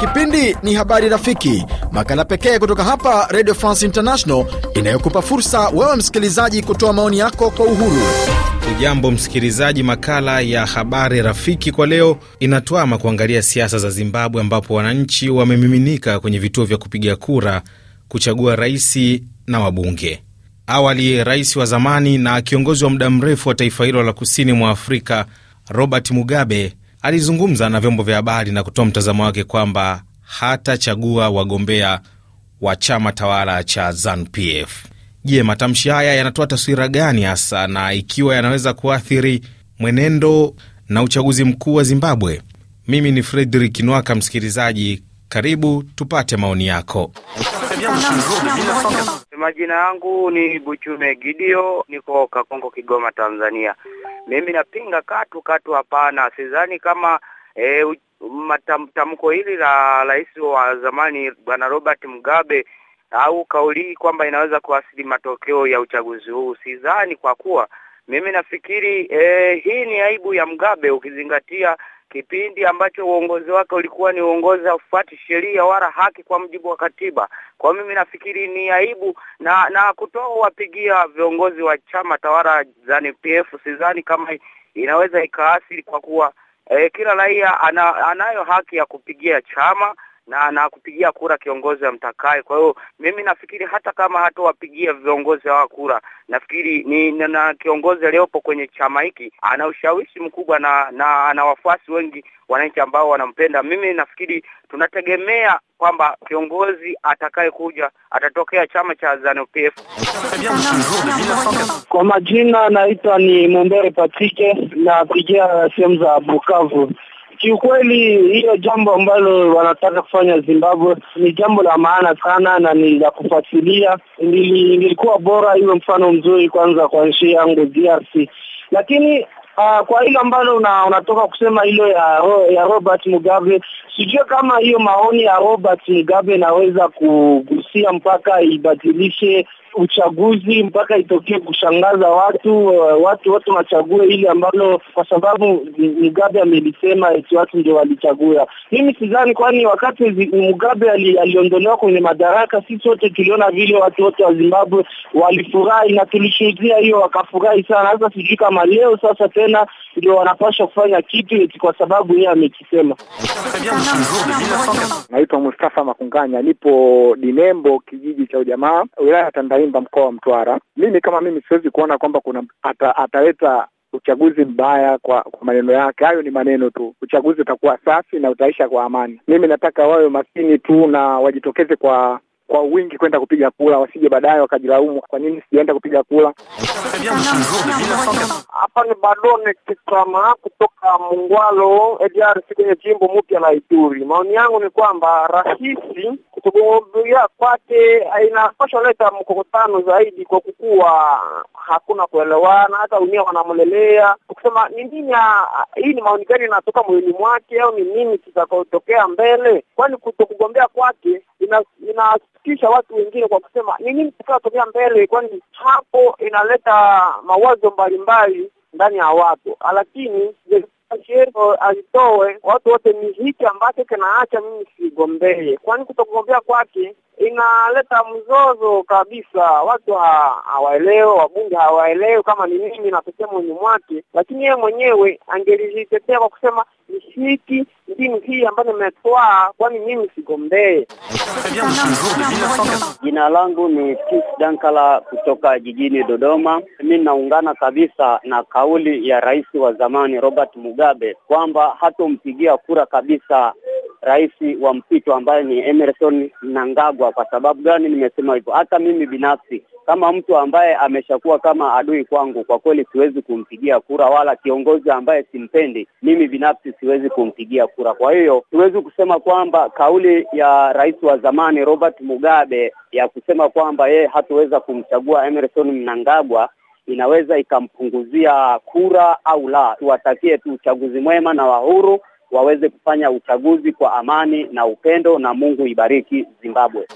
Kipindi ni Habari Rafiki, makala pekee kutoka hapa Radio France International inayokupa fursa wewe msikilizaji kutoa maoni yako kwa uhuru. Ujambo msikilizaji, makala ya Habari Rafiki kwa leo inatwama kuangalia siasa za Zimbabwe, ambapo wananchi wamemiminika kwenye vituo vya kupiga kura kuchagua raisi na wabunge. Awali rais wa zamani na kiongozi wa muda mrefu wa taifa hilo la kusini mwa Afrika Robert Mugabe alizungumza na vyombo vya habari na kutoa mtazamo wake kwamba hatachagua wagombea wa chama tawala cha ZANPF. Je, matamshi haya yanatoa taswira gani hasa na ikiwa yanaweza kuathiri mwenendo na uchaguzi mkuu wa Zimbabwe? Mimi ni Fredrik Nwaka. Msikilizaji, karibu tupate maoni yako. Majina yangu ni Buchume Gidio, niko Kakongo, Kigoma, Tanzania. Mimi napinga katu katu, hapana. Sidhani kama e, tamko hili la rais wa zamani bwana Robert Mugabe au kauli hii kwamba inaweza kuasili matokeo ya uchaguzi huu, sidhani kwa kuwa mimi nafikiri eh, hii ni aibu ya Mugabe ukizingatia kipindi ambacho uongozi wake ulikuwa ni uongozi haufuati sheria wala haki kwa mujibu wa katiba. Kwa mimi nafikiri ni aibu na na kutoa wapigia viongozi wa chama tawala ZANU-PF, sidhani kama inaweza ikaathiri kwa kuwa eh, kila raia ana, anayo haki ya kupigia chama na na kupigia kura kiongozi amtakaye. Kwa hiyo mimi nafikiri hata kama hatowapigia viongozi hawa kura, nafikiri ni na kiongozi aliyopo kwenye chama hiki ana ushawishi mkubwa na na ana wafuasi wengi wananchi ambao wanampenda. Mimi nafikiri tunategemea kwamba kiongozi kuja atatokea chama cha Zanu PF. Kwa majina naitwa ni Mumbere Patike, napigia sehemu za Bukavu. Kiukweli hiyo jambo ambalo wanataka kufanya Zimbabwe ni jambo la maana sana na ni la kufuatilia. Nilikuwa bora iwe mfano mzuri kwanza kwa nchi yangu DRC, lakini Uh, kwa hilo ambalo una, unatoka kusema hilo ya, ya Robert Mugabe, sijue kama hiyo maoni ya Robert Mugabe inaweza kugusia mpaka ibadilishe uchaguzi mpaka itokee kushangaza watu uh, watu watu wachague ile ambalo kwa sababu Mugabe amelisema eti watu ndio walichagua. Mimi sidhani, kwani wakati Mugabe ali, aliondolewa kwenye madaraka, sisi wote tuliona vile watu wote wa Zimbabwe walifurahi na tulishuhudia hiyo, wakafurahi sana. Sasa sijui kama leo sasa tena ndio wanapaswa kufanya kitu eti kwa sababu yeye amekisema. Naitwa Mustafa Makunganya, nipo Dinembo, kijiji cha Ujamaa, wilaya ya Pemba, mkoa wa Mtwara. Mimi kama mimi siwezi kuona kwamba kuna ata, ataleta uchaguzi mbaya kwa, kwa maneno yake hayo. Ni maneno tu. Uchaguzi utakuwa safi na utaisha kwa amani. Mimi nataka wawe makini tu na wajitokeze kwa kwa wingi kwenda kupiga kura, wasije baadaye wakajilaumu, kwa nini sijaenda kupiga kura. Hapa ni bado kitama kutoka Mungwalo DRC kwenye jimbo mpya la Ituri. Maoni yangu ni kwamba rahisi kutogombea kwake inapasha leta mkokotano zaidi, kwa kukuwa hakuna kuelewana, hata unia wanamlelea kusema ni nini. Ah, hii ni maoni gani inatoka mwilini mwake, au ni nini kitakotokea mbele? Kwani kutokugombea kwake inasikitisha watu wengine kwa kusema ni nini tutakayotumia mbele, kwani hapo inaleta mawazo mbalimbali ndani ya watu, lakini alitoe watu wote ni hiki ambacho kinaacha mimi sigombee, kwani kutogombea kwake inaleta mzozo kabisa. Watu hawaelewe, wabunge hawaelewe kama ni mimi na sehemu mwake, lakini yeye mwenyewe angelijitetea kwa kusema nishiriki dini hii ambayo nimetoa, kwani mimi sigombee. Jina langu ni Tis Dankala kutoka jijini Dodoma. Mimi naungana kabisa na kauli ya rais wa zamani Robert Mugabe kwamba hatompigia kura kabisa rais wa mpito ambaye ni Emerson Nangagwa. Kwa sababu gani nimesema hivyo? Hata mimi binafsi kama mtu ambaye ameshakuwa kama adui kwangu, kwa kweli siwezi kumpigia kura, wala kiongozi ambaye simpendi mimi binafsi siwezi kumpigia kura. Kwa hiyo siwezi kusema kwamba kauli ya rais wa zamani Robert Mugabe ya kusema kwamba yeye hatuweza kumchagua Emerson Mnangagwa inaweza ikampunguzia kura au la. Tuwatakie tu uchaguzi mwema na wahuru waweze kufanya uchaguzi kwa amani na upendo, na Mungu ibariki Zimbabwe.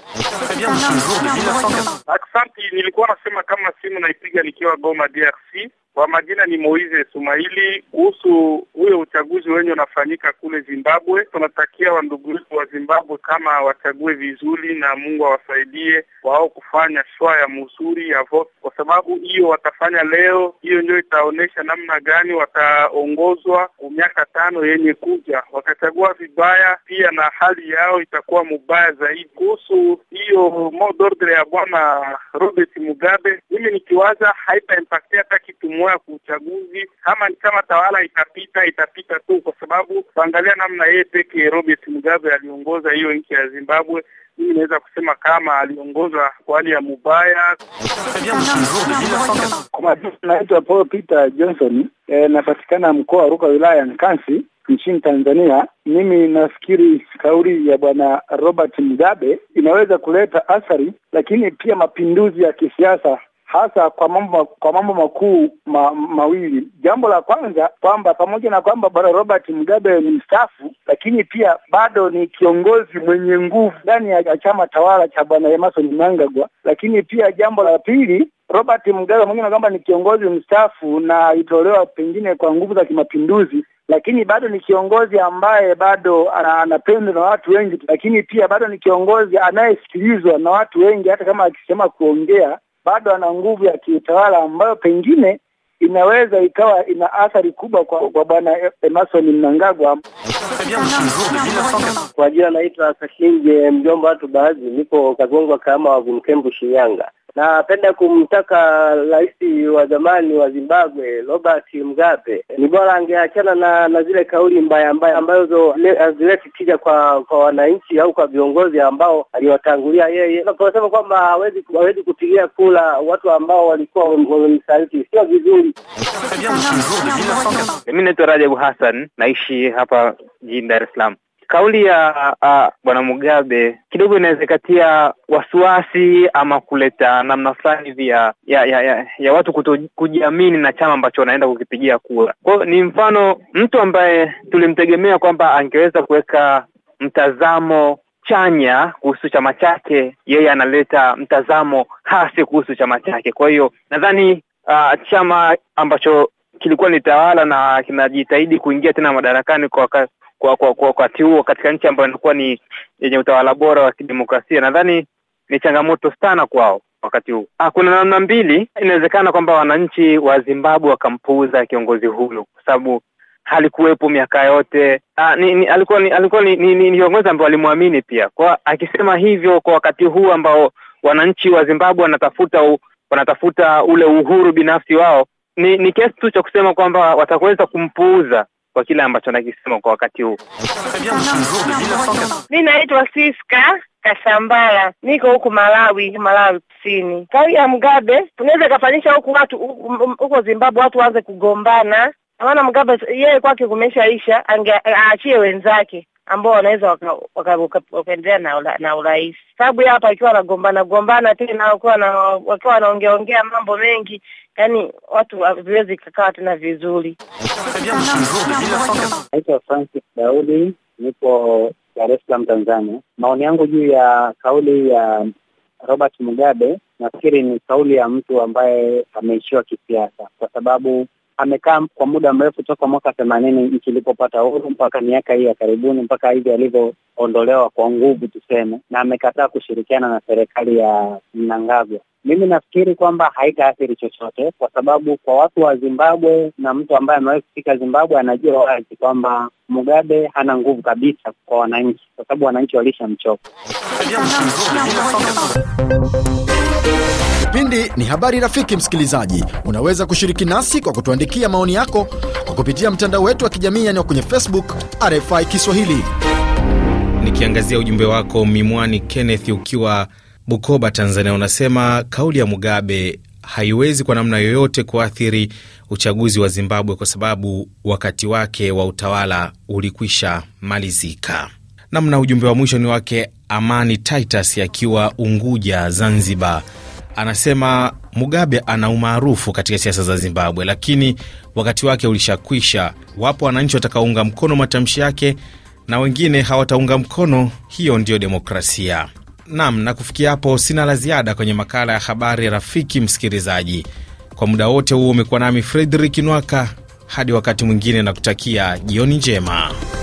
Asante. Nilikuwa nasema kama simu naipiga nikiwa Goma, DRC. Kwa majina ni moise Sumaili. Kuhusu huyo uchaguzi wenye unafanyika kule Zimbabwe, tunatakia wandugu wetu wa Zimbabwe kama wachague vizuri, na Mungu awasaidie wao kufanya shwa ya mzuri ya vote, kwa sababu hiyo watafanya leo, hiyo ndio itaonyesha namna gani wataongozwa miaka tano yenye ku moja, wakachagua vibaya, pia na hali yao itakuwa mubaya zaidi. Kuhusu hiyo mot ya bwana Robert Mugabe, mimi nikiwaza haitaimpaktia hata kitu moya ku uchaguzi. Kama ni kama tawala itapita, itapita tu, kwa sababu kuangalia namna yeye pekee Robert Mugabe aliongoza hiyo nchi ya Zimbabwe, mimi naweza kusema kama aliongoza kwa hali ya mubaya. Kwa majina naitwa Paul Peter Johnson. Eh, napatikana mkoa wa Ruka wilaya ya Nkasi nchini Tanzania, mimi nafikiri kauli ya bwana Robert Mugabe inaweza kuleta athari, lakini pia mapinduzi ya kisiasa hasa kwa mambo kwa mambo makuu ma, mawili. Jambo la kwanza kwamba pamoja na kwamba bwana Robert Mugabe ni mstaafu, lakini pia bado ni kiongozi mwenye nguvu ndani ya chama tawala cha bwana Emerson Mnangagwa. Lakini pia jambo la pili, Robert Mugabe mwingine kwamba ni kiongozi mstaafu na alitolewa pengine kwa nguvu za kimapinduzi, lakini bado ni kiongozi ambaye bado anapendwa na watu wengi, lakini pia bado ni kiongozi anayesikilizwa na watu wengi. Hata kama akisema kuongea, bado ana nguvu ya kiutawala ambayo pengine inaweza ikawa ina athari kubwa kwa, kwa Bwana Emerson Mnangagwa. Kwa jina naitwa Sakinje mjomba watu baadhi, niko Kagongwa kama Wavumkembu, Shinyanga. Napenda kumtaka rais wa zamani wa Zimbabwe Robert Mugabe, ni bora angeachana na na zile kauli mbaya mbaya ambazo hazileti tija kwa kwa wananchi au kwa viongozi ambao aliwatangulia yeye. Anaposema kwamba hawezi hawezi kupigia kula watu ambao walikuwa wamemsaliti, sio vizuri. Mimi naitwa Rajabu Hassan, naishi hapa jijini Dar es Salaam. Kauli ya uh, bwana Mugabe kidogo inaweza ikatia wasiwasi ama kuleta namna fulani hivi ya ya, ya ya watu kuto, kujiamini na chama ambacho wanaenda kukipigia kura. Kwa ni mfano mtu ambaye tulimtegemea kwamba angeweza kuweka mtazamo chanya kuhusu chama chake, yeye analeta mtazamo hasi kuhusu chama chake. Kwa hiyo nadhani uh, chama ambacho kilikuwa ni tawala na kinajitahidi kuingia tena madarakani kwa kwa kwa kwa wakati huo katika nchi ambayo inakuwa ni yenye utawala bora wa kidemokrasia, nadhani ni changamoto sana kwao wakati huu. Ah, kuna namna mbili, inawezekana kwamba wananchi wa Zimbabwe wakampuuza kiongozi huyo kwa sababu halikuwepo miaka yote. Ah, ni, ni, alikuwa ni alikuwa ni, ni, ni kiongozi ambaye walimwamini pia, kwa akisema hivyo kwa wakati huu ambao wananchi wa Zimbabwe wanatafuta u, wanatafuta ule uhuru binafsi wao, ni, ni kiasi tu cha kusema kwamba wataweza kumpuuza kwa kile ambacho anakisema kwa wakati huu. Mi naitwa Siska Kashambala, niko huku Malawi, Malawi Kusini. Kauli ya mgabe tunaweza ikafanyisha huku watu huko Zimbabwe watu waanze kugombana, maana mgabe yeye kwake kumeshaisha, angeaachie wenzake ambao wanaweza wakaendelea waka, waka, waka, na, ula, na urahisi. Sababu hapa akiwa wanagombana gombana tena wakiwa wanaongea ongea mambo mengi, yani watu viwezi kukaa tena vizuri. Naitwa Francis Daudi, nipo Dar es Salaam, Tanzania. Maoni yangu juu ya kauli ya Robert Mugabe, nafikiri ni kauli ya mtu ambaye ameishiwa kisiasa, kwa sababu amekaa kwa muda mrefu toka mwaka themanini nchi ilipopata uhuru mpaka miaka hii ya karibuni mpaka hivi alivyoondolewa kwa nguvu tuseme, na amekataa kushirikiana na serikali ya Mnangagwa. Mimi nafikiri kwamba haitaathiri chochote, kwa sababu kwa watu wa Zimbabwe na mtu ambaye amewahi kufika Zimbabwe anajua wazi kwamba Mugabe hana nguvu kabisa kwa wananchi, kwa sababu wananchi walishamchoka. Kipindi ni habari rafiki. Msikilizaji, unaweza kushiriki nasi kwa kutuandikia maoni yako kwa kupitia mtandao wetu wa kijamii yaani kwenye Facebook RFI Kiswahili. Nikiangazia ujumbe wako Mimwani Kenneth ukiwa Bukoba, Tanzania, unasema kauli ya Mugabe haiwezi kwa namna yoyote kuathiri uchaguzi wa Zimbabwe kwa sababu wakati wake wa utawala ulikwisha malizika. Namna ujumbe wa mwisho ni wake Amani Titus akiwa Unguja, Zanzibar, anasema Mugabe ana umaarufu katika siasa za Zimbabwe, lakini wakati wake ulishakwisha. Wapo wananchi watakaunga mkono matamshi yake na wengine hawataunga mkono. Hiyo ndiyo demokrasia. Nam, na kufikia hapo sina la ziada kwenye makala ya habari rafiki msikilizaji. Kwa muda wote huo umekuwa nami Fredrik Nwaka, hadi wakati mwingine, na kutakia jioni njema.